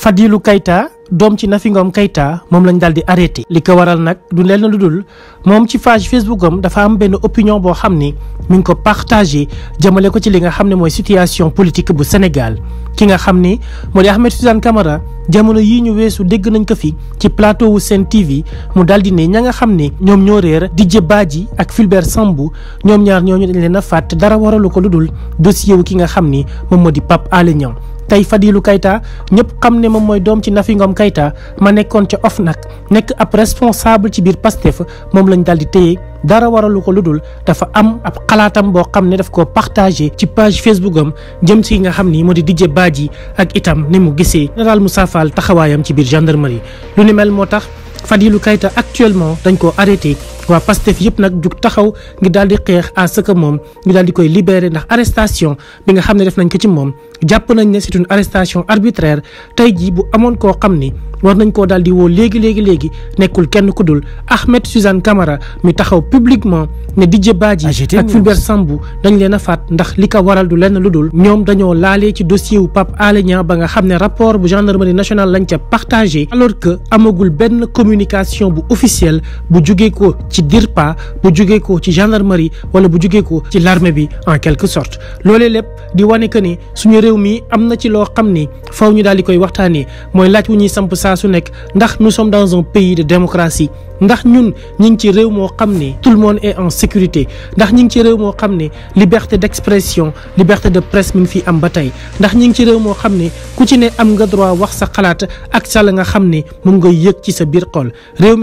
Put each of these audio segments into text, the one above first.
Fadilou Keita doom ci Nafi Ngom Keita moom lañ daal di arrêté li ko waral nag du leen lu dul moom ci page Facebook am dafa am benn opinion boo xam ni mi ngi ko partagé jëmale ko ci li nga xam ne mooy situation politique bu Sénégal ki nga xam ni moo di Ahmed Suzanne Camara jamono yii ñu weesu dégg nañ ko fi ci plateau wu Sen TV mu daal di ne ña nga xam ne ñoom ñoo réer Didier Badji ak Fulbert Sambou ñoom ñaar ñooñu dañ leen a fàtt dara waralu ko lu dul dossier wu ki nga xam ni moom moo di Pape ale Niang tey Fadilou kayta ñëpp xam ne moom mooy doom ci Nafi Ngom Keita ma nekkoon ca nag nekk ab responsable ci biir fa moom lañ daal di téye dara waralu ko lu dul dafa am ab xalaatam boo xam ne def ko partagé ci page Facebook am jëm si nga xam ni moo di Didier Badji ak itam ni mu gisee général Moussa Fall taxawaayam ci biir gendarmerie lu ni mel moo tax fadilu Keita actuellement dañ koo arrêté waa Pastef yëpp nag jug taxaw ngir daal di xeex à ce que moom ñu daal di koy libérer ndax arrestation bi nga xam ne def nañ ko ci moom jàpp nañ ne c'est une arrestation arbitraire tey jii bu amoon koo xam ni war nañ koo daal di woo léegi léegi léegi nekkul kenn ku dul Ahmed Suzanne Camara mi taxaw publiquement ne Didier Badji ah, ak Fulbert Sambou dañ leen a faat ndax li ko waral du lenn lu dul ñoom dañoo laalee ci dossier wu pap Alé Niang ba nga xam ne rapport bu gendarmerie nationale lañ ca partagé alors amagul benn communication bu officielle bu jugee ko ci DIRPA bu jugee ko ci gendarmerie wala bu jugee ko ci l'armée bi en quelque sorte loole lépp di wane que ni suñu réew mi am na ci loo xam ni faw ñu daal di koy waxtaanee mooy laaj wu ñuy samp saa su nekk ndax nu sommes dans un pays de démocratie ndax ñun ñi ngi ci réew moo xam ne tout le monde est sécurité ndax ñi ngi ci réew moo xam ne liberté d'expression liberté de presse mi fi am ba tey ndax ñi ngi ci réew moo xam ne ku ci ne am nga droit wax sa xalaat ak sa nga xam ne mun nga yëg ci sa biir xool réew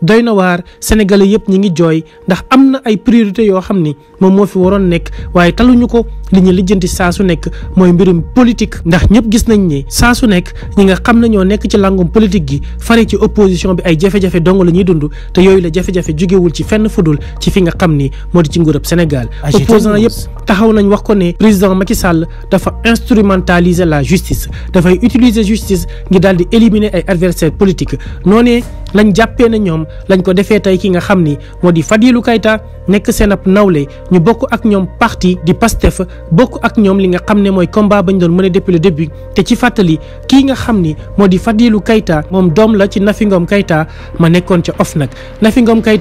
doy na waar sénégalais yëpp ñi ngi jooy ndax am na ay priorité yoo xam ni moom moo fi waroon nekk waaye talu ñu ko li ñu lijjanti saa su nekk mooy mbirum politique ndax ñëpp gis nañ ni saa su nekk ñi nga xam ne ñoo nekk ci langum politique gi fare ci opposition bi ay jafe-jafe dong la ñuy te yooyu la jafe-jafe jógewul ci fenn fudul ci fi nga xam ni moo di ci nguurub Sénégal opposant yëpp taxaw nañ wax ko ne président Macky Sall dafa instrumentaliser la justice dafay utiliser justice ngir daal di éliminer ay adversaires politiques noonee lañ jàppee na ñoom lañ ko defee tey ki nga xam ni moo di Fadilou Keita nekk seen ab nawle ñu bokk ak ñoom parti di Pastef bokk ak ñoom li nga xam ne mooy combat bañ doon mën a depuis le te ci fàttali kii nga xam ni moo di Fadilou Keita moom doom la ci Nafi Ngom Keita ma nekkoon ca nag Nafi Ngom di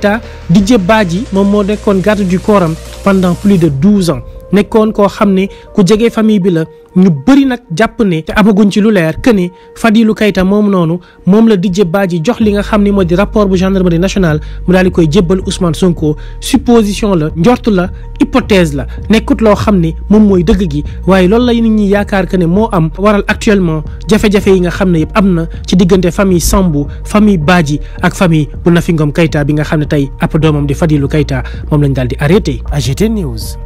Didier Badji moom moo nekkoon garde du corps am pendant plus de douze ans nekkoon koo xam ne ku jege famille bi la ñu bëri nag jàpp ne te amaguñ ci lu leer que ne Fadilou Keita moom noonu moom la Didier Badji jox li nga xam ne moo di rapport bu gendarmerie nationale mu daal di koy jébbal Ousmane Sonko supposition la njort la hypothèse la nekkut loo xam ne moom mooy dëgg gi waaye loolu la nit ñi yaakaar que ne moo am waral actuellement jafe-jafe yi nga xam ne yëpp am na ci diggante famille Sambou famille Badji ak famille bu Nafi Ngom Keita bi nga xam ne tey ab doomam di Fadilou Keita moom lañ daal di arrêté AGT News